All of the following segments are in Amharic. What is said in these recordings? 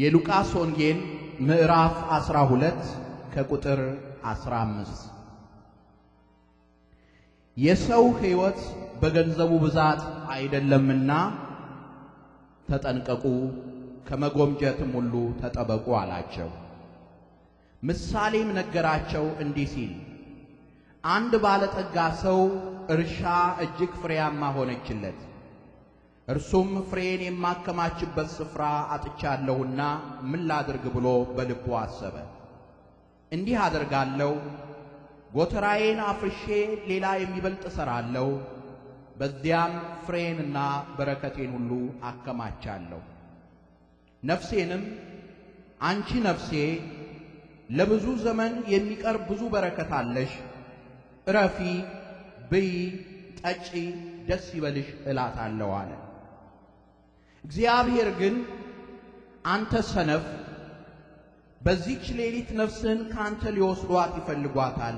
የሉቃስ ወንጌል ምዕራፍ 12 ከቁጥር 15 የሰው ሕይወት በገንዘቡ ብዛት አይደለምና ተጠንቀቁ፣ ከመጎምጀትም ሁሉ ተጠበቁ አላቸው። ምሳሌም ነገራቸው እንዲህ ሲል፣ አንድ ባለጠጋ ሰው እርሻ እጅግ ፍሬያማ ሆነችለት። እርሱም ፍሬን የማከማችበት ስፍራ አጥቻለሁና ምን ላድርግ ብሎ በልቡ አሰበ። እንዲህ አደርጋለሁ፣ ጎተራዬን አፍርሼ ሌላ የሚበልጥ እሠራለሁ፣ በዚያም ፍሬንና በረከቴን ሁሉ አከማቻለሁ። ነፍሴንም አንቺ ነፍሴ ለብዙ ዘመን የሚቀር ብዙ በረከት አለሽ፣ እረፊ፣ ብይ፣ ጠጪ፣ ደስ ይበልሽ እላታለሁ አለ። እግዚአብሔር ግን አንተ ሰነፍ፣ በዚች ሌሊት ነፍስህን ካንተ ሊወስዷት ይፈልጓታል፣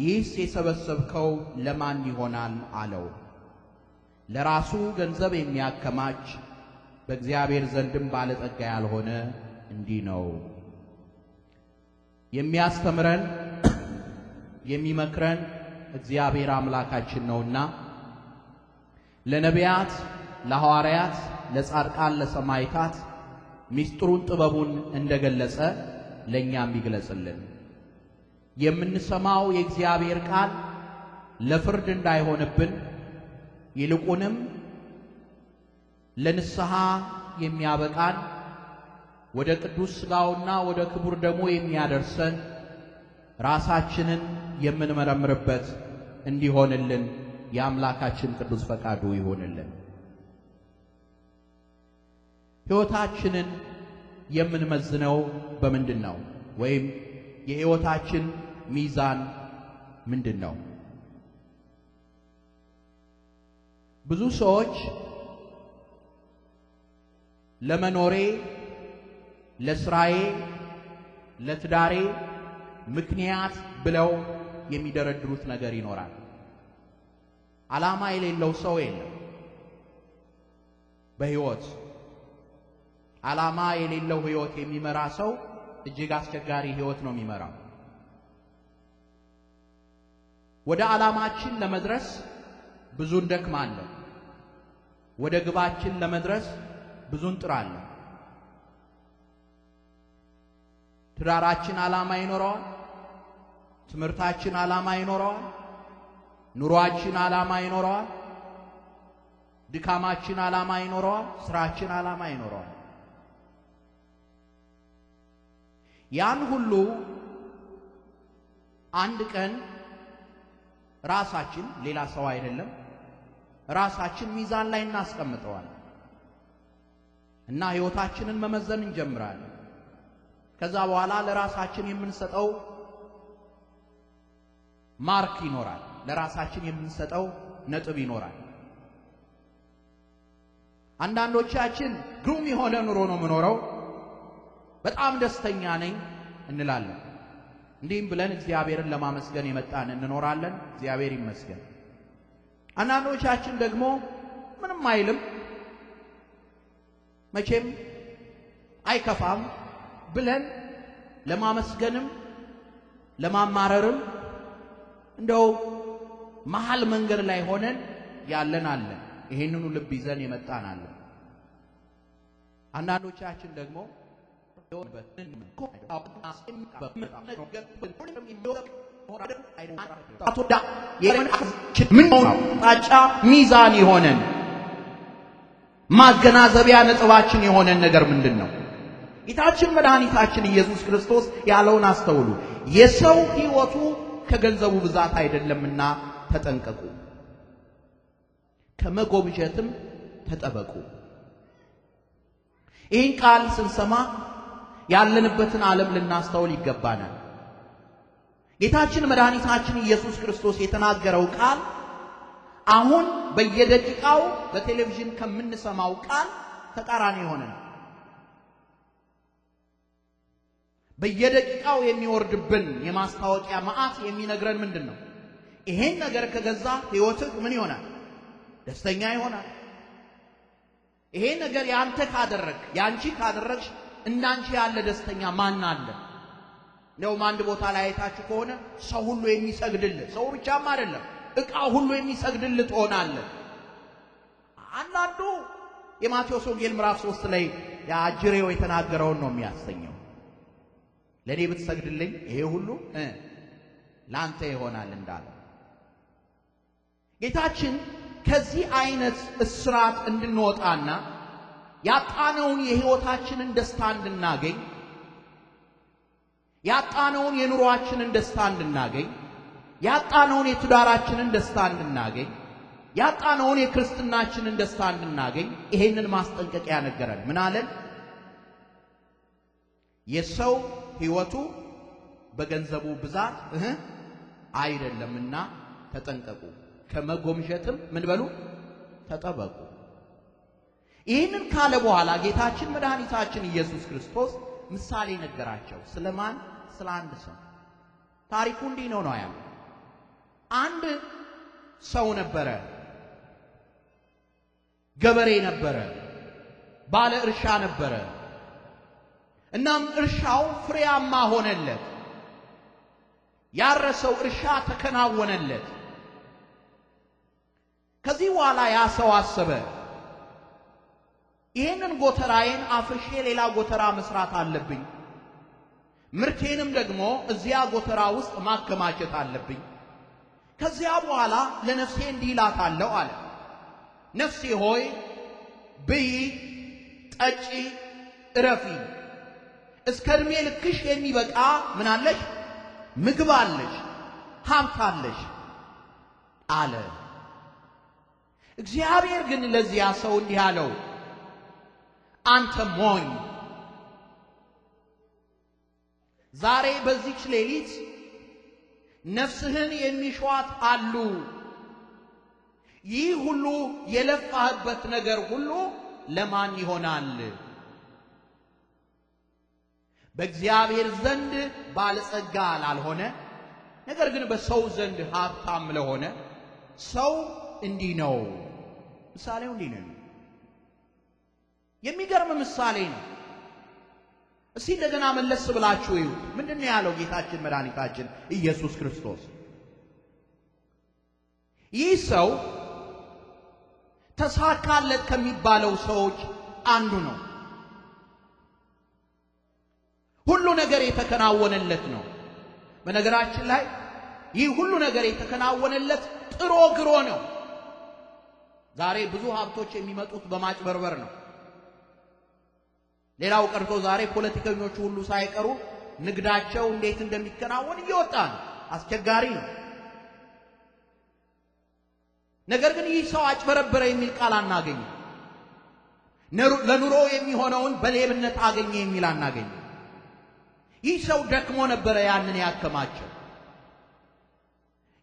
ይህስ የሰበሰብከው ለማን ይሆናል አለው። ለራሱ ገንዘብ የሚያከማች በእግዚአብሔር ዘንድም ባለጠጋ ያልሆነ እንዲህ ነው። የሚያስተምረን የሚመክረን እግዚአብሔር አምላካችን ነውና ለነቢያት ለሐዋርያት ለጻድቃን ለሰማይታት ሚስጥሩን ጥበቡን እንደገለጸ ለእኛም ይግለጽልን። የምንሰማው የእግዚአብሔር ቃል ለፍርድ እንዳይሆንብን ይልቁንም ለንስሐ የሚያበቃን ወደ ቅዱስ ሥጋውና ወደ ክቡር ደሙ የሚያደርሰን ራሳችንን የምንመረምርበት እንዲሆንልን የአምላካችን ቅዱስ ፈቃዱ ይሆንልን። ሕይወታችንን የምንመዝነው በምንድን ነው? ወይም የሕይወታችን ሚዛን ምንድን ነው? ብዙ ሰዎች ለመኖሬ፣ ለስራዬ፣ ለትዳሬ ምክንያት ብለው የሚደረድሩት ነገር ይኖራል። ዓላማ የሌለው ሰው የለም በሕይወት ዓላማ የሌለው ህይወት የሚመራ ሰው እጅግ አስቸጋሪ ህይወት ነው የሚመራው። ወደ ዓላማችን ለመድረስ ብዙ እንደክማለን። ወደ ግባችን ለመድረስ ብዙ እንጥራለን። ትዳራችን ዓላማ ይኖረዋል። ትምህርታችን ዓላማ ይኖረዋል። ኑሯችን ዓላማ ይኖረዋል። ድካማችን ዓላማ ይኖረዋል። ስራችን ዓላማ ይኖረዋል። ያን ሁሉ አንድ ቀን ራሳችን ሌላ ሰው አይደለም፣ ራሳችን ሚዛን ላይ እናስቀምጠዋል እና ህይወታችንን መመዘን እንጀምራለን። ከዛ በኋላ ለራሳችን የምንሰጠው ማርክ ይኖራል፣ ለራሳችን የምንሰጠው ነጥብ ይኖራል። አንዳንዶቻችን ግሩም የሆነ ኑሮ ነው የምኖረው በጣም ደስተኛ ነኝ እንላለን። እንዲህም ብለን እግዚአብሔርን ለማመስገን የመጣን እንኖራለን። እግዚአብሔር ይመስገን። አንዳንዶቻችን ደግሞ ምንም አይልም፣ መቼም አይከፋም ብለን ለማመስገንም ለማማረርም እንደው መሃል መንገድ ላይ ሆነን ያለን አለን። ይሄንኑ ልብ ይዘን የመጣን አለን። አንዳንዶቻችን ደግሞ ምን አቅጣጫ ሚዛን የሆነን ማገናዘቢያ ነጥባችን የሆነን ነገር ምንድን ነው? ጌታችን መድኃኒታችን ኢየሱስ ክርስቶስ ያለውን አስተውሉ። የሰው ሕይወቱ ከገንዘቡ ብዛት አይደለምና ተጠንቀቁ፣ ከመጎብጀትም ተጠበቁ። ይህን ቃል ስንሰማ ያለንበትን ዓለም ልናስተውል ይገባናል። ጌታችን መድኃኒታችን ኢየሱስ ክርስቶስ የተናገረው ቃል አሁን በየደቂቃው በቴሌቪዥን ከምንሰማው ቃል ተቃራኒ የሆነ ነው። በየደቂቃው የሚወርድብን የማስታወቂያ መዓት የሚነግረን ምንድን ነው? ይሄን ነገር ከገዛ ሕይወትህ ምን ይሆናል? ደስተኛ ይሆናል። ይሄን ነገር ያንተ ካደረግ ያንቺ ካደረግሽ እንዳንቺ ያለ ደስተኛ ማን አለ? እንደውም አንድ ቦታ ላይ አይታችሁ ከሆነ ሰው ሁሉ የሚሰግድልህ ሰው ብቻም አይደለም እቃ ሁሉ የሚሰግድልህ ትሆናለህ። አንዳንዱ የማቴዎስ ወንጌል ምዕራፍ ሶስት ላይ የአጅሬው የተናገረውን ነው የሚያሰኘው። ለእኔ ብትሰግድልኝ ይሄ ሁሉ ለአንተ ይሆናል እንዳለ ጌታችን ከዚህ አይነት እስራት እንድንወጣና ያጣነውን የህይወታችንን ደስታ እንድናገኝ፣ ያጣነውን የኑሯችንን ደስታ እንድናገኝ፣ ያጣነውን የትዳራችንን ደስታ እንድናገኝ፣ ያጣነውን የክርስትናችንን ደስታ እንድናገኝ ይሄንን ማስጠንቀቂያ ነገረን። ምን አለን? የሰው ህይወቱ በገንዘቡ ብዛት እህ አይደለምና ተጠንቀቁ፣ ከመጎምሸትም ምን በሉ ተጠበቁ። ይህንን ካለ በኋላ ጌታችን መድኃኒታችን ኢየሱስ ክርስቶስ ምሳሌ ነገራቸው። ስለማን? ስለ አንድ ሰው። ታሪኩ እንዲህ ነው ነው ያለው። አንድ ሰው ነበረ፣ ገበሬ ነበረ፣ ባለ እርሻ ነበረ። እናም እርሻው ፍሬያማ ሆነለት። ያረሰው እርሻ ተከናወነለት። ከዚህ በኋላ ያ ሰው አሰበ ይህንን ጎተራዬን አፍርሼ ሌላ ጎተራ መስራት አለብኝ። ምርቴንም ደግሞ እዚያ ጎተራ ውስጥ ማከማቸት አለብኝ። ከዚያ በኋላ ለነፍሴ እንዲህ እላታለሁ አለ። ነፍሴ ሆይ ብይ፣ ጠጪ፣ እረፊ። እስከ ዕድሜ ልክሽ የሚበቃ ምን አለሽ? ምግብ አለሽ፣ ሀብት አለሽ አለ። እግዚአብሔር ግን ለዚያ ሰው እንዲህ አለው አንተ ሞኝ። ዛሬ በዚች ሌሊት ነፍስህን የሚሸዋት አሉ። ይህ ሁሉ የለፋህበት ነገር ሁሉ ለማን ይሆናል? በእግዚአብሔር ዘንድ ባለጸጋ ላልሆነ ነገር ግን በሰው ዘንድ ሀብታም ለሆነ ሰው እንዲህ ነው። ምሳሌው እንዲህ ነው። የሚገርም ምሳሌ ነው። እስቲ እንደገና መለስ ብላችሁ እዩ። ምንድነው ያለው ጌታችን መድኃኒታችን ኢየሱስ ክርስቶስ? ይህ ሰው ተሳካለት ከሚባለው ሰዎች አንዱ ነው። ሁሉ ነገር የተከናወነለት ነው። በነገራችን ላይ ይህ ሁሉ ነገር የተከናወነለት ጥሮ ግሮ ነው። ዛሬ ብዙ ሀብቶች የሚመጡት በማጭበርበር ነው። ሌላው ቀርቶ ዛሬ ፖለቲከኞቹ ሁሉ ሳይቀሩ ንግዳቸው እንዴት እንደሚከናወን እየወጣ ነው። አስቸጋሪ ነው። ነገር ግን ይህ ሰው አጭበረበረ የሚል ቃል አናገኝ። ለኑሮ የሚሆነውን በሌብነት አገኘ የሚል አናገኝ። ይህ ሰው ደክሞ ነበረ ያንን ያከማቸው።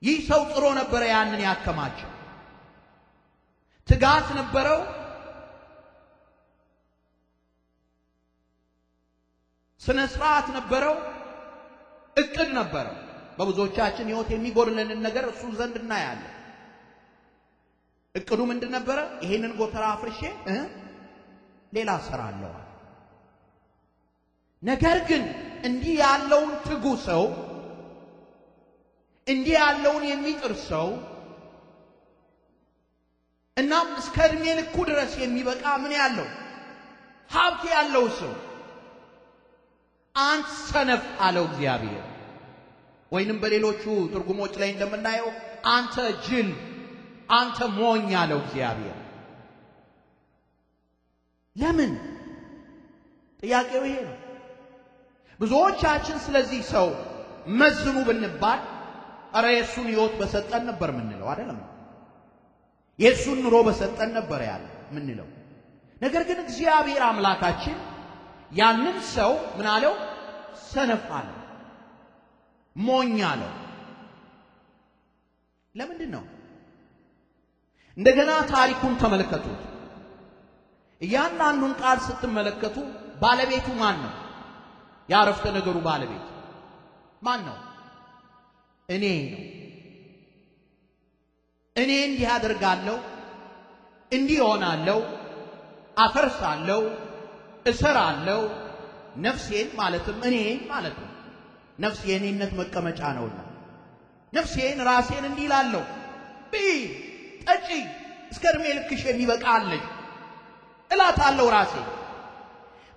ይህ ሰው ጥሮ ነበረ ያንን ያከማቸው። ትጋት ነበረው ስነ ስርዓት ነበረው፣ እቅድ ነበረው። በብዙዎቻችን ህይወት የሚጎድለንን ነገር እሱ ዘንድ እናያለን። እቅዱ ምንድን ነበረ? ይሄንን ጎተራ አፍርሼ እ ሌላ እሰራለሁ። ነገር ግን እንዲህ ያለውን ትጉ ሰው እንዲህ ያለውን የሚጥር ሰው እናም እስከ እድሜ ልኩ ድረስ የሚበቃ ምን ያለው ሀብት ያለው ሰው አንተ ሰነፍ አለው እግዚአብሔር። ወይንም በሌሎቹ ትርጉሞች ላይ እንደምናየው አንተ ጅል፣ አንተ ሞኝ አለው እግዚአብሔር። ለምን? ጥያቄው ይሄ ነው። ብዙዎቻችን ስለዚህ ሰው መዝኑ ብንባል እረ የእሱን ሕይወት በሰጠን ነበር ምንለው አይደለም። የእሱን ኑሮ በሰጠን ነበር ያለ ምንለው። ነገር ግን እግዚአብሔር አምላካችን ያንን ሰው ምን አለው? ሰነፍ አለው፣ ሞኝ አለው። ለምንድን ነው? እንደገና ታሪኩን ተመለከቱት። እያንዳንዱን ቃል ስትመለከቱ ባለቤቱ ማን ነው? የአረፍተ ነገሩ ባለቤት ማን ነው? እኔ ነው። እኔ እንዲህ አደርጋለሁ፣ እንዲህ እሆናለሁ፣ አፈርሳለሁ እሰራለሁ። ነፍሴን ማለትም እኔ ማለት ነው። ነፍስ የእኔነት መቀመጫ ነውና ነፍሴን ራሴን እንዲህ እላለሁ፣ ብይ ጠጪ፣ እስከ እድሜ ልክሽ የሚበቃ አለኝ እላታለሁ። ራሴ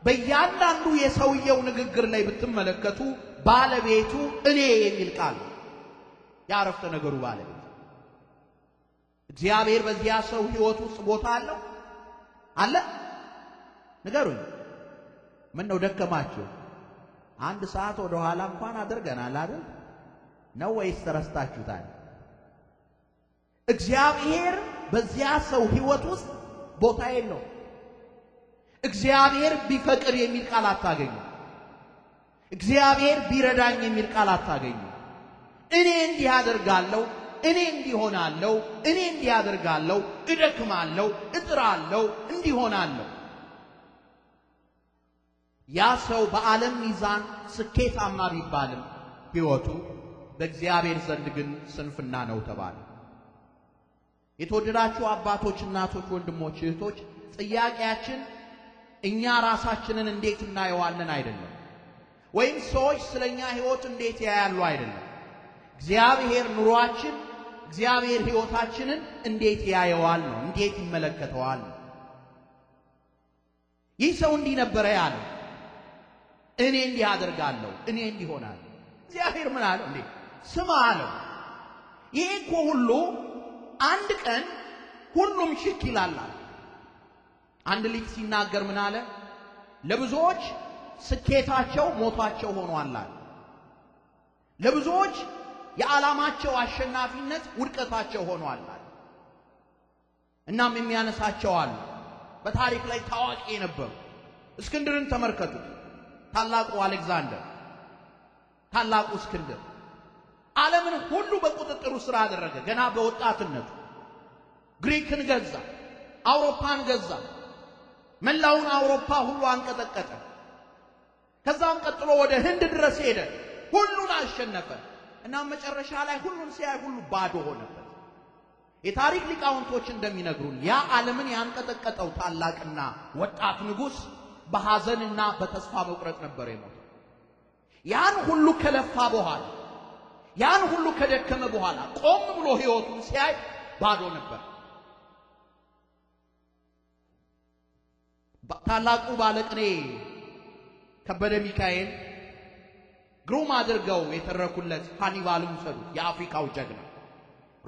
በእያንዳንዱ የሰውየው ንግግር ላይ ብትመለከቱ ባለቤቱ እኔ የሚል ቃል ያረፍተ ነገሩ ባለቤት እግዚአብሔር በዚያ ሰው ሕይወት ውስጥ ቦታ አለው አለ? ንገሩኝ። ምን ነው ደከማችሁ? አንድ ሰዓት ወደ ኋላ እንኳን አድርገናል አይደል? ነው ወይስ ተረስታችሁታል? እግዚአብሔር በዚያ ሰው ህይወት ውስጥ ቦታ የለው። እግዚአብሔር ቢፈቅድ የሚል ቃል አታገኙ። እግዚአብሔር ቢረዳኝ የሚል ቃል አታገኙ። እኔ እንዲህ አደርጋለሁ፣ እኔ እንዲሆናለሁ፣ እኔ እንዲህ አደርጋለሁ፣ እደክማለሁ፣ እጥራለሁ፣ እንዲሆናለሁ ያ ሰው በዓለም ሚዛን ስኬታማ ቢባልም ሕይወቱ በእግዚአብሔር ዘንድ ግን ስንፍና ነው ተባለ። የተወደዳችሁ አባቶች፣ እናቶች፣ ወንድሞች፣ እህቶች ጥያቄያችን እኛ ራሳችንን እንዴት እናየዋለን አይደለም፣ ወይም ሰዎች ስለ እኛ ሕይወት እንዴት ያያሉ አይደለም። እግዚአብሔር ኑሯችን፣ እግዚአብሔር ሕይወታችንን እንዴት ያየዋል ነው፣ እንዴት ይመለከተዋል ነው። ይህ ሰው እንዲህ ነበረ ያለው እኔ እንዲህ አደርጋለሁ፣ እኔ እንዲህ ሆናለሁ። እግዚአብሔር ምን አለው እንዴ? ስማ አለው። ይሄ እኮ ሁሉ አንድ ቀን ሁሉም ሽክ ይላል። አለ። አንድ ልጅ ሲናገር ምን አለ? ለብዙዎች ስኬታቸው ሞታቸው ሆኗል። አለ። ለብዙዎች የዓላማቸው አሸናፊነት ውድቀታቸው ሆኗል። አለ። እናም የሚያነሳቸው አለ። በታሪክ ላይ ታዋቂ የነበሩ እስክንድርን ተመልከቱት። ታላቁ አሌክዛንደር፣ ታላቁ እስክንድር ዓለምን ሁሉ በቁጥጥሩ ስራ አደረገ። ገና በወጣትነቱ ግሪክን ገዛ፣ አውሮፓን ገዛ፣ መላውን አውሮፓ ሁሉ አንቀጠቀጠ። ከዛም ቀጥሎ ወደ ህንድ ድረስ ሄደ፣ ሁሉን አሸነፈ። እና መጨረሻ ላይ ሁሉን ሲያይ ሁሉ ባዶ ሆነበት። የታሪክ ሊቃውንቶች እንደሚነግሩን ያ ዓለምን ያንቀጠቀጠው ታላቅና ወጣት ንጉሥ በሐዘንና በተስፋ መቁረጥ ነበር የሞተው። ያን ሁሉ ከለፋ በኋላ ያን ሁሉ ከደከመ በኋላ ቆም ብሎ ሕይወቱን ሲያይ ባዶ ነበር። ታላቁ ባለቅኔ ከበደ ሚካኤል ግሩም አድርገው የተረኩለት ሃኒባልን ውሰዱት፣ የአፍሪካው ጀግና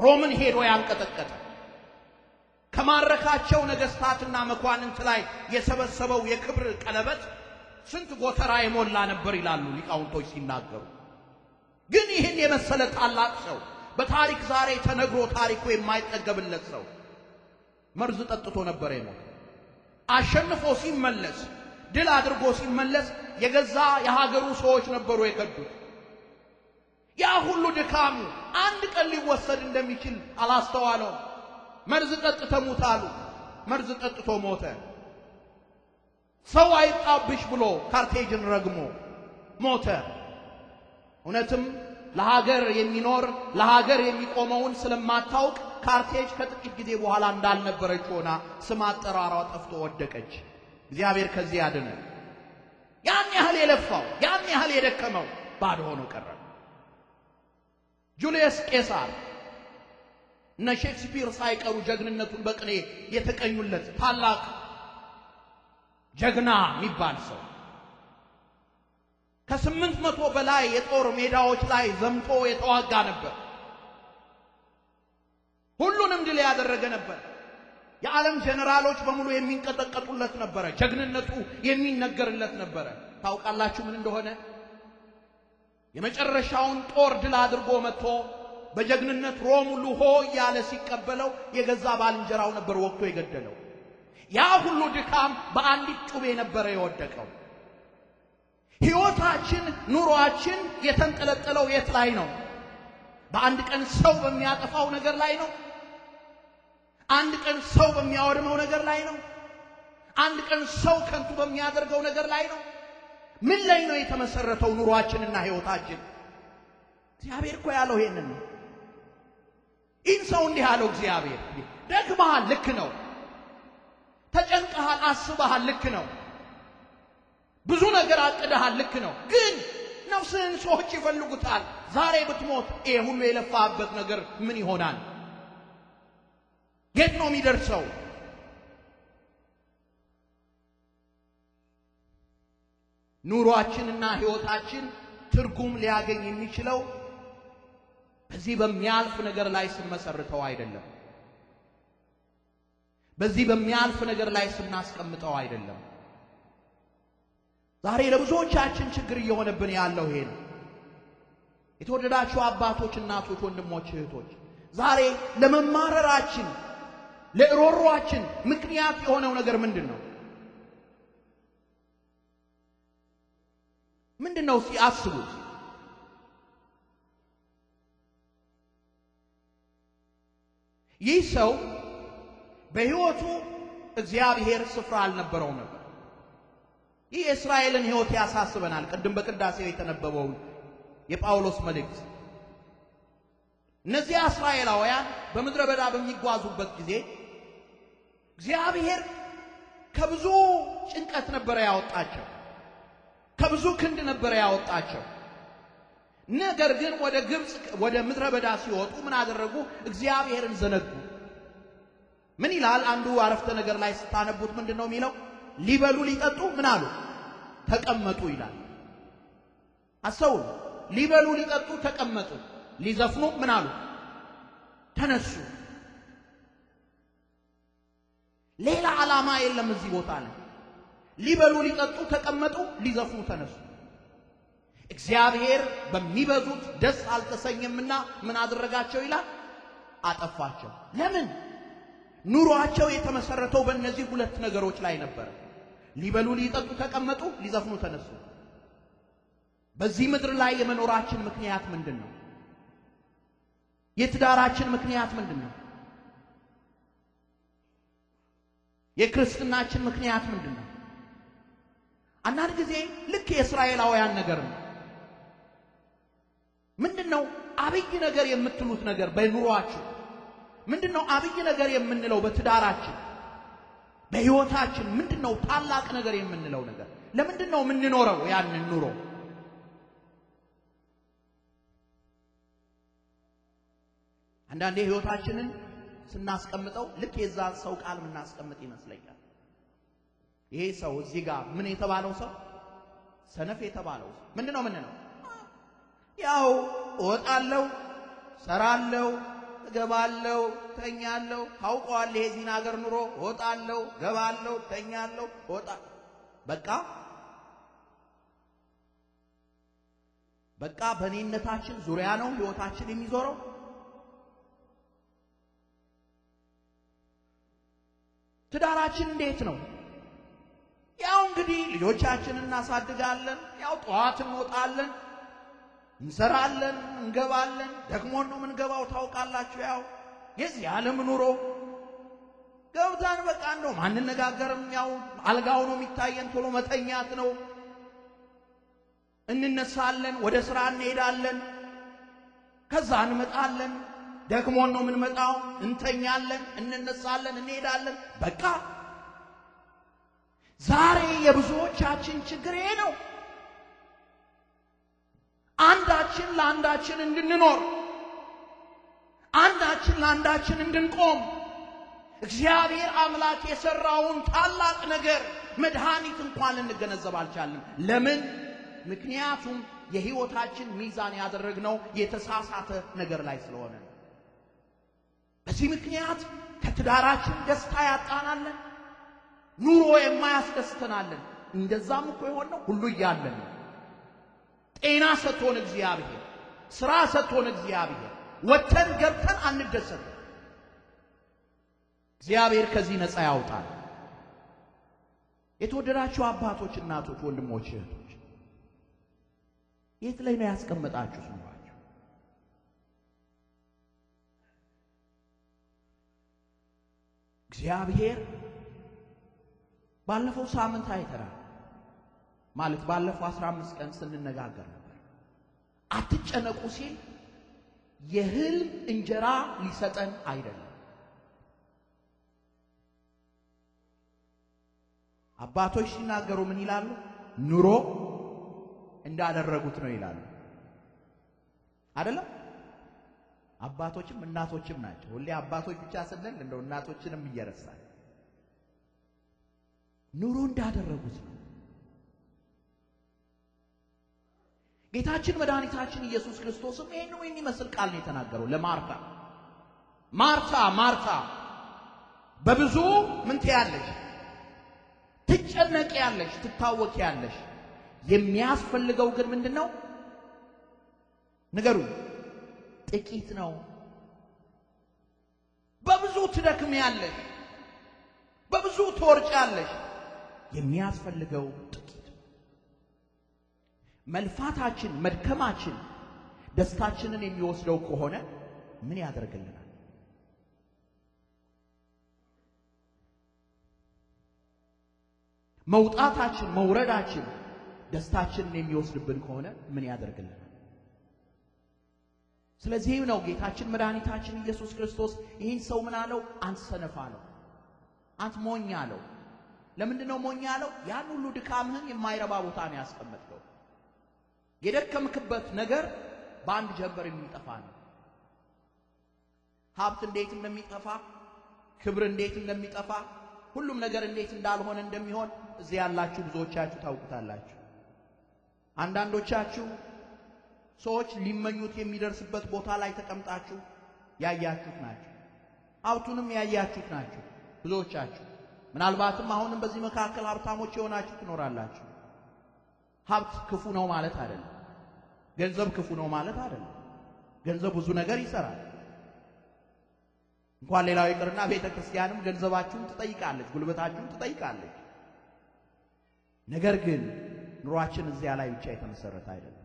ሮምን ሄዶ ያንቀጠቀጠ ከማረካቸው ነገስታትና መኳንንት ላይ የሰበሰበው የክብር ቀለበት ስንት ጎተራ የሞላ ነበር ይላሉ ሊቃውንቶች ሲናገሩ። ግን ይህን የመሰለ ታላቅ ሰው በታሪክ ዛሬ ተነግሮ ታሪኩ የማይጠገብለት ሰው መርዝ ጠጥቶ ነበር የሞተ። አሸንፎ ሲመለስ ድል አድርጎ ሲመለስ የገዛ የሀገሩ ሰዎች ነበሩ የከዱት። ያ ሁሉ ድካሙ አንድ ቀን ሊወሰድ እንደሚችል አላስተዋለውም። መርዝ ጠጥተ ሙት አሉ። መርዝ ጠጥቶ ሞተ። ሰው አይጣብሽ ብሎ ካርቴጅን ረግሞ ሞተ። እውነትም ለሀገር የሚኖር ለሀገር የሚቆመውን ስለማታውቅ ካርቴጅ ከጥቂት ጊዜ በኋላ እንዳልነበረች ሆና ስም አጠራሯ ጠፍቶ ወደቀች። እግዚአብሔር ከዚህ ያድነ። ያን ያህል የለፋው ያን ያህል የደከመው ባዶ ሆኖ ቀረ። ጁልየስ ቄሳር እነ ሼክስፒር ሳይቀሩ ጀግንነቱን በቅኔ የተቀኙለት ታላቅ ጀግና የሚባል ሰው ከስምንት መቶ በላይ የጦር ሜዳዎች ላይ ዘምቶ የተዋጋ ነበር። ሁሉንም ድል ያደረገ ነበር። የዓለም ጀነራሎች በሙሉ የሚንቀጠቀጡለት ነበረ። ጀግንነቱ የሚነገርለት ነበረ። ታውቃላችሁ ምን እንደሆነ? የመጨረሻውን ጦር ድል አድርጎ መጥቶ በጀግንነት ሮም ሁሉ ሆ ያለ ሲቀበለው የገዛ ባልንጀራው ነበር ወቅቶ የገደለው። ያ ሁሉ ድካም በአንዲት ጩቤ ነበረ የወደቀው። ሕይወታችን ኑሯችን የተንጠለጠለው የት ላይ ነው? በአንድ ቀን ሰው በሚያጠፋው ነገር ላይ ነው። አንድ ቀን ሰው በሚያወድመው ነገር ላይ ነው። አንድ ቀን ሰው ከንቱ በሚያደርገው ነገር ላይ ነው። ምን ላይ ነው የተመሰረተው ኑሯችንና ሕይወታችን? እግዚአብሔር እኮ ያለው ይሄንን ነው። ይህን ሰው እንዲህ አለው እግዚአብሔር፣ ደክመሃል፣ ልክ ነው። ተጨንቀሃል፣ አስበሃል፣ ልክ ነው። ብዙ ነገር አቅደሃል፣ ልክ ነው። ግን ነፍስህን ሰዎች ይፈልጉታል። ዛሬ ብትሞት ይሄ ሁሉ የለፋበት ነገር ምን ይሆናል? የት ነው የሚደርሰው? ኑሯችንና ሕይወታችን ትርጉም ሊያገኝ የሚችለው በዚህ በሚያልፍ ነገር ላይ ስንመሰርተው አይደለም። በዚህ በሚያልፍ ነገር ላይ ስናስቀምጠው አይደለም። ዛሬ ለብዙዎቻችን ችግር እየሆነብን ያለው ይሄ ነው። የተወደዳችሁ አባቶች፣ እናቶች፣ ወንድሞች፣ እህቶች ዛሬ ለመማረራችን ለእሮሯችን ምክንያት የሆነው ነገር ምንድን ነው? ምንድን ነው? እስኪ አስቡት። ይህ ሰው በሕይወቱ እግዚአብሔር ስፍራ አልነበረውም ነበር። ይህ የእስራኤልን ሕይወት ያሳስበናል። ቅድም በቅዳሴው የተነበበውን የጳውሎስ መልእክት እነዚያ እስራኤላውያን በምድረ በዳ በሚጓዙበት ጊዜ እግዚአብሔር ከብዙ ጭንቀት ነበረ ያወጣቸው፣ ከብዙ ክንድ ነበረ ያወጣቸው። ነገር ግን ወደ ግብፅ ወደ ምድረ በዳ ሲወጡ ምን አደረጉ? እግዚአብሔርን ዘነጉ። ምን ይላል? አንዱ አረፍተ ነገር ላይ ስታነቡት ምንድን ነው የሚለው? ሊበሉ ሊጠጡ ምን አሉ? ተቀመጡ ይላል። አስተውሉ። ሊበሉ ሊጠጡ ተቀመጡ፣ ሊዘፍኑ ምን አሉ? ተነሱ። ሌላ ዓላማ የለም እዚህ ቦታ ላይ። ሊበሉ ሊጠጡ ተቀመጡ፣ ሊዘፍኑ ተነሱ። እግዚአብሔር በሚበዙት ደስ አልተሰኘምና ምን አደረጋቸው ይላል? አጠፋቸው። ለምን? ኑሯቸው የተመሰረተው በእነዚህ ሁለት ነገሮች ላይ ነበር? ሊበሉ ሊጠጡ ተቀመጡ፣ ሊዘፍኑ ተነሱ። በዚህ ምድር ላይ የመኖራችን ምክንያት ምንድን ነው? የትዳራችን ምክንያት ምንድን ነው? የክርስትናችን ምክንያት ምንድን ነው? አንዳንድ ጊዜ ልክ የእስራኤላውያን ነገር ነው። ምንድን ነው አብይ ነገር የምትሉት ነገር በኑሯችሁ? ምንድን ነው አብይ ነገር የምንለው በትዳራችን፣ በህይወታችን? ምንድን ነው ታላቅ ነገር የምንለው ነገር? ለምንድን ነው የምንኖረው ያንን ኑሮ? አንዳንዴ ህይወታችንን ስናስቀምጠው ልክ የዛ ሰው ቃል የምናስቀምጥ ይመስለኛል። ይሄ ሰው እዚህ ጋር ምን የተባለው ሰው ሰነፍ የተባለው ምንድን ነው ምን ነው ያው እወጣለሁ፣ ሰራለሁ፣ እገባለሁ፣ ተኛለሁ። ታውቀዋል የዚህን ሀገር ኑሮ እወጣለሁ፣ ገባለሁ፣ ተኛለሁ፣ ወጣ በቃ በቃ በኔነታችን ዙሪያ ነው ህይወታችን የሚዞረው። ትዳራችን እንዴት ነው? ያው እንግዲህ ልጆቻችንን እናሳድጋለን፣ ያው ጠዋት እንወጣለን እንሰራለን፣ እንገባለን። ደግሞ ነው የምንገባው ታውቃላችሁ። ያው የዚህ ዓለም ኑሮ ገብታን በቃ እንደው ማንነጋገርም፣ ያው አልጋው ነው የሚታየን፣ ቶሎ መተኛት ነው። እንነሳለን፣ ወደ ስራ እንሄዳለን፣ ከዛ እንመጣለን። ደግሞ ነው የምንመጣው፣ እንተኛለን፣ እንነሳለን፣ እንሄዳለን። በቃ ዛሬ የብዙዎቻችን ችግር ይሄ ነው። አንዳችን ለአንዳችን እንድንኖር፣ አንዳችን ለአንዳችን እንድንቆም እግዚአብሔር አምላክ የሰራውን ታላቅ ነገር መድኃኒት እንኳን ልንገነዘብ አልቻለም። ለምን? ምክንያቱም የሕይወታችን ሚዛን ያደረግነው የተሳሳተ ነገር ላይ ስለሆነ በዚህ ምክንያት ከትዳራችን ደስታ ያጣናለን፣ ኑሮ የማያስደስተናለን። እንደዛም እኮ የሆነው ሁሉ እያለን ነው። ጤና ሰጥቶን እግዚአብሔር ስራ ሰጥቶን እግዚአብሔር ወጥተን ገብተን አንደሰትም። እግዚአብሔር ከዚህ ነፃ ያውጣል። የተወደዳችሁ አባቶች፣ እናቶች፣ ወንድሞች፣ እህቶች የት ላይ ነው ያስቀመጣችሁ ኑሯችሁ? እግዚአብሔር ባለፈው ሳምንት አይተናል። ማለት ባለፈው 15 ቀን ስንነጋገር ነበር። አትጨነቁ ሲል የህልም እንጀራ ሊሰጠን አይደለም። አባቶች ሲናገሩ ምን ይላሉ? ኑሮ እንዳደረጉት ነው ይላሉ። አይደለም? አባቶችም እናቶችም ናቸው። ሁሌ አባቶች ብቻ ስንል እንደው እናቶችንም እየረሳል። ኑሮ እንዳደረጉት ነው። ጌታችን መድኃኒታችን ኢየሱስ ክርስቶስም ይህንኑ የሚመስል ቃል ነው የተናገረው ለማርታ ማርታ ማርታ በብዙ ምን ትያለሽ? ትጨነቂያለሽ፣ ያለሽ የሚያስፈልገው ግን ምንድን ነው? ጥቂት ነው። በብዙ ያለሽ በብዙ ትወርጫለሽ። የሚያስፈልገው መልፋታችን፣ መድከማችን ደስታችንን የሚወስደው ከሆነ ምን ያደርግልናል? መውጣታችን፣ መውረዳችን ደስታችንን የሚወስድብን ከሆነ ምን ያደርግልናል? ስለዚህ ነው ጌታችን መድኃኒታችን ኢየሱስ ክርስቶስ ይህን ሰው ምን አለው? አንሰነፍ አለው። አንት ሞኝ አለው። ለምንድን ነው ሞኝ አለው? ያን ሁሉ ድካምህን የማይረባ ቦታ ነው ያስቀመጥከው። የደከምክበት ነገር በአንድ ጀንበር የሚጠፋ ነው። ሀብት እንዴት እንደሚጠፋ፣ ክብር እንዴት እንደሚጠፋ፣ ሁሉም ነገር እንዴት እንዳልሆነ እንደሚሆን እዚህ ያላችሁ ብዙዎቻችሁ ታውቁታላችሁ። አንዳንዶቻችሁ ሰዎች ሊመኙት የሚደርስበት ቦታ ላይ ተቀምጣችሁ ያያችሁት ናችሁ። ሀብቱንም ያያችሁት ናችሁ ብዙዎቻችሁ። ምናልባትም አሁንም በዚህ መካከል ሀብታሞች የሆናችሁ ትኖራላችሁ። ሀብት ክፉ ነው ማለት አይደለም። ገንዘብ ክፉ ነው ማለት አይደለም። ገንዘብ ብዙ ነገር ይሰራል። እንኳን ሌላው ይቅርና ቤተ ክርስቲያንም ገንዘባችሁን ትጠይቃለች፣ ጉልበታችሁን ትጠይቃለች። ነገር ግን ኑሯችን እዚያ ላይ ብቻ የተመሰረተ አይደለም።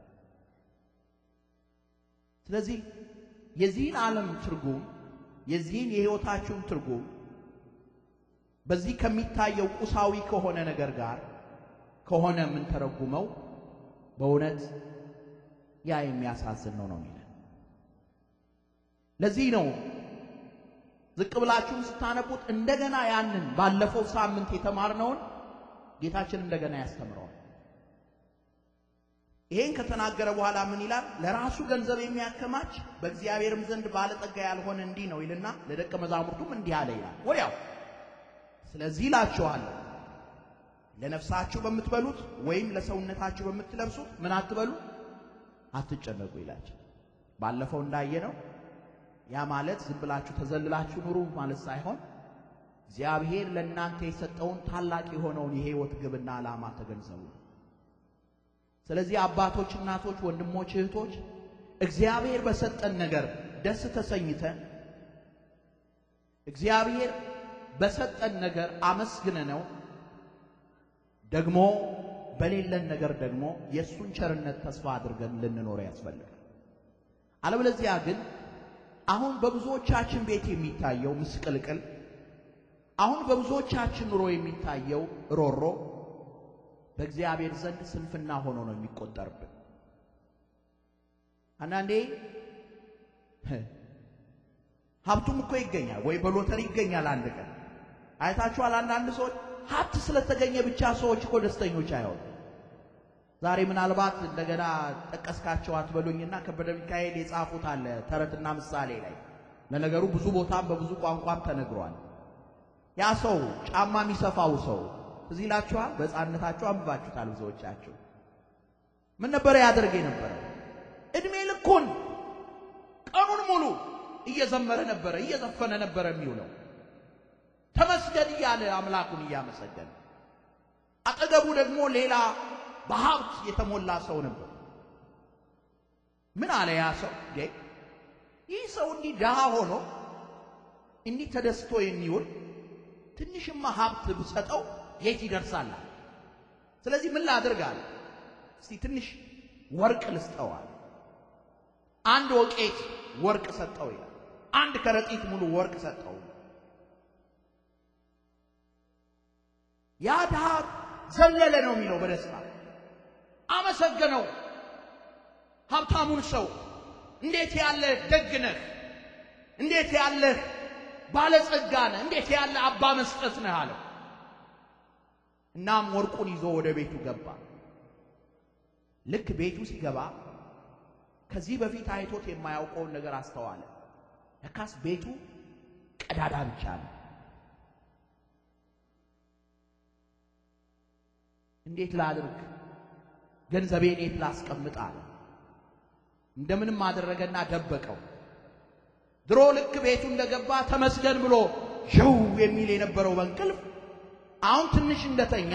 ስለዚህ የዚህን ዓለም ትርጉም የዚህን የሕይወታችሁን ትርጉም በዚህ ከሚታየው ቁሳዊ ከሆነ ነገር ጋር ከሆነ የምንተረጉመው በእውነት ያ የሚያሳዝን ነው ነው የሚለን። ለዚህ ነው ዝቅ ብላችሁም ስታነቡት እንደገና ያንን ባለፈው ሳምንት የተማርነውን ጌታችን እንደገና ያስተምረዋል። ይሄን ከተናገረ በኋላ ምን ይላል? ለራሱ ገንዘብ የሚያከማች በእግዚአብሔርም ዘንድ ባለጠጋ ያልሆነ እንዲህ ነው ይልና ለደቀ መዛሙርቱም እንዲህ አለ ይላል። ወዲያው ስለዚህ እላችኋለሁ ለነፍሳችሁ በምትበሉት ወይም ለሰውነታችሁ በምትለብሱት ምን አትበሉ አትጨነቁ ይላቸው። ባለፈው እንዳየነው ያ ማለት ዝም ብላችሁ ተዘልላችሁ ኑሩ ማለት ሳይሆን እግዚአብሔር ለእናንተ የሰጠውን ታላቅ የሆነውን የሕይወት ግብና ዓላማ ተገንዘቡ። ስለዚህ አባቶች፣ እናቶች፣ ወንድሞች፣ እህቶች እግዚአብሔር በሰጠን ነገር ደስ ተሰኝተን እግዚአብሔር በሰጠን ነገር አመስግነነው ደግሞ በሌለን ነገር ደግሞ የእሱን ቸርነት ተስፋ አድርገን ልንኖር ያስፈልጋል። አለበለዚያ ግን አሁን በብዙዎቻችን ቤት የሚታየው ምስቅልቅል፣ አሁን በብዙዎቻችን ኑሮ የሚታየው ሮሮ በእግዚአብሔር ዘንድ ስንፍና ሆኖ ነው የሚቆጠርብን። አንዳንዴ ሀብቱም እኮ ይገኛል ወይ በሎተሪ ይገኛል አንድ ቀን አይታችኋል። አንዳንድ ሰዎች ሀብት ስለተገኘ ብቻ ሰዎች እኮ ደስተኞች አይሆኑ። ዛሬ ምናልባት እንደገና ጠቀስካቸው አትበሉኝና ከበደ ሚካኤል የጻፉት አለ ተረትና ምሳሌ ላይ። ለነገሩ ብዙ ቦታም በብዙ ቋንቋም ተነግሯል። ያ ሰው ጫማ የሚሰፋው ሰው እዚህ ላችኋል። በሕፃንነታችሁ አንብባችሁታል ብዙዎቻችሁ። ምን ነበረ ያደርግ የነበረ? እድሜ ልኩን ቀኑን ሙሉ እየዘመረ ነበረ፣ እየዘፈነ ነበረ የሚውለው ተመስገን እያለ አምላኩን እያመሰገነ አጠገቡ ደግሞ ሌላ በሀብት የተሞላ ሰው ነበር። ምን አለ ያ ሰው? ይህ ሰው እንዲህ ድሃ ሆኖ እንዲህ ተደስቶ የሚውል ትንሽማ ሀብት ብሰጠው የት ይደርሳል? ስለዚህ ምን ላድርግ እስቲ ትንሽ ወርቅ ልስጠዋል። አንድ ወቄት ወርቅ ሰጠው ይላል። አንድ ከረጢት ሙሉ ወርቅ ሰጠው። ያ ድሃ ዘለለ ነው የሚለው በደስታ አመሰገነው። ሀብታሙን ሰው እንዴት ያለ ደግ ነህ፣ እንዴት ያለ ባለጸጋ ነህ፣ እንዴት ያለ አባ መስጠት ነህ አለው። እናም ወርቁን ይዞ ወደ ቤቱ ገባ። ልክ ቤቱ ሲገባ ከዚህ በፊት አይቶት የማያውቀውን ነገር አስተዋለ። ለካስ ቤቱ ቀዳዳ ብቻ ነው። እንዴት ላድርግ? ገንዘቤን የት ላስቀምጥ አለ። እንደምንም አደረገና ደበቀው። ድሮ ልክ ቤቱ እንደገባ ተመስገን ብሎ ዠው የሚል የነበረው በእንቅልፍ አሁን ትንሽ እንደተኛ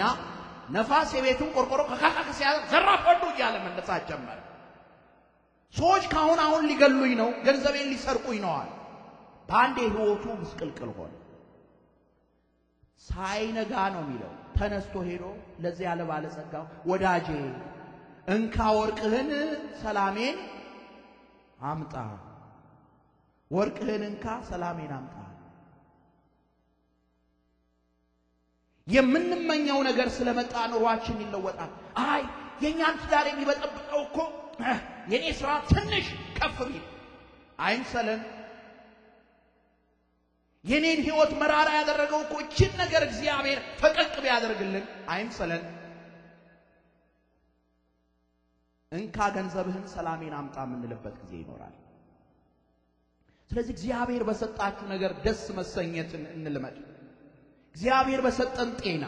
ነፋስ የቤቱን ቆርቆሮ ከካካክ ሲያ ዘራ ወዱ እያለ መነሳት ጀመረ። ሰዎች ካሁን አሁን ሊገሉኝ ነው፣ ገንዘቤን ሊሰርቁኝ ነው አለ። በአንዴ ህይወቱ ምስቅልቅል ሆነ። ሳይነጋ ነው የሚለው ተነስቶ ሄዶ ያለ ለባለጸጋ ወዳጄ እንካ ወርቅህን ሰላሜን አምጣ፣ ወርቅህን እንካ ሰላሜን አምጣ። የምንመኘው ነገር ስለመጣ ኑሯችን ይለወጣል። አይ የእኛን ትዳር የሚበጠብጠው እኮ የእኔ ስራ ትንሽ ከፍ ቢል አይምሰለን። የኔን ህይወት መራራ ያደረገው እኮ እችን ነገር እግዚአብሔር ፈቀቅ ቢያደርግልን አይምሰለን። እንካ ገንዘብህን ሰላሜን አምጣ የምንልበት ጊዜ ይኖራል። ስለዚህ እግዚአብሔር በሰጣችሁ ነገር ደስ መሰኘትን እንልመድ። እግዚአብሔር በሰጠን ጤና፣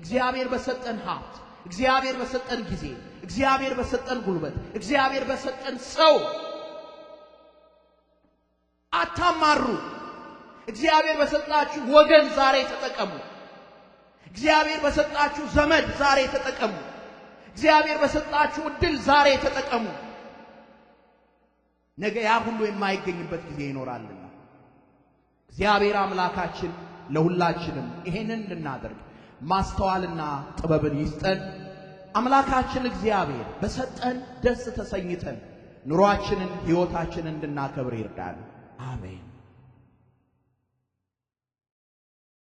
እግዚአብሔር በሰጠን ሀብት፣ እግዚአብሔር በሰጠን ጊዜ፣ እግዚአብሔር በሰጠን ጉልበት፣ እግዚአብሔር በሰጠን ሰው አታማሩ። እግዚአብሔር በሰጣችሁ ወገን ዛሬ ተጠቀሙ። እግዚአብሔር በሰጣችሁ ዘመድ ዛሬ ተጠቀሙ። እግዚአብሔር በሰጣችሁ እድል ዛሬ ተጠቀሙ። ነገ ያ ሁሉ የማይገኝበት ጊዜ ይኖራልና እግዚአብሔር አምላካችን ለሁላችንም ይሄንን እንድናደርግ ማስተዋልና ጥበብን ይስጠን። አምላካችን እግዚአብሔር በሰጠን ደስ ተሰኝተን ኑሯችንን ሕይወታችንን እንድናከብር ይርዳል። አሜን።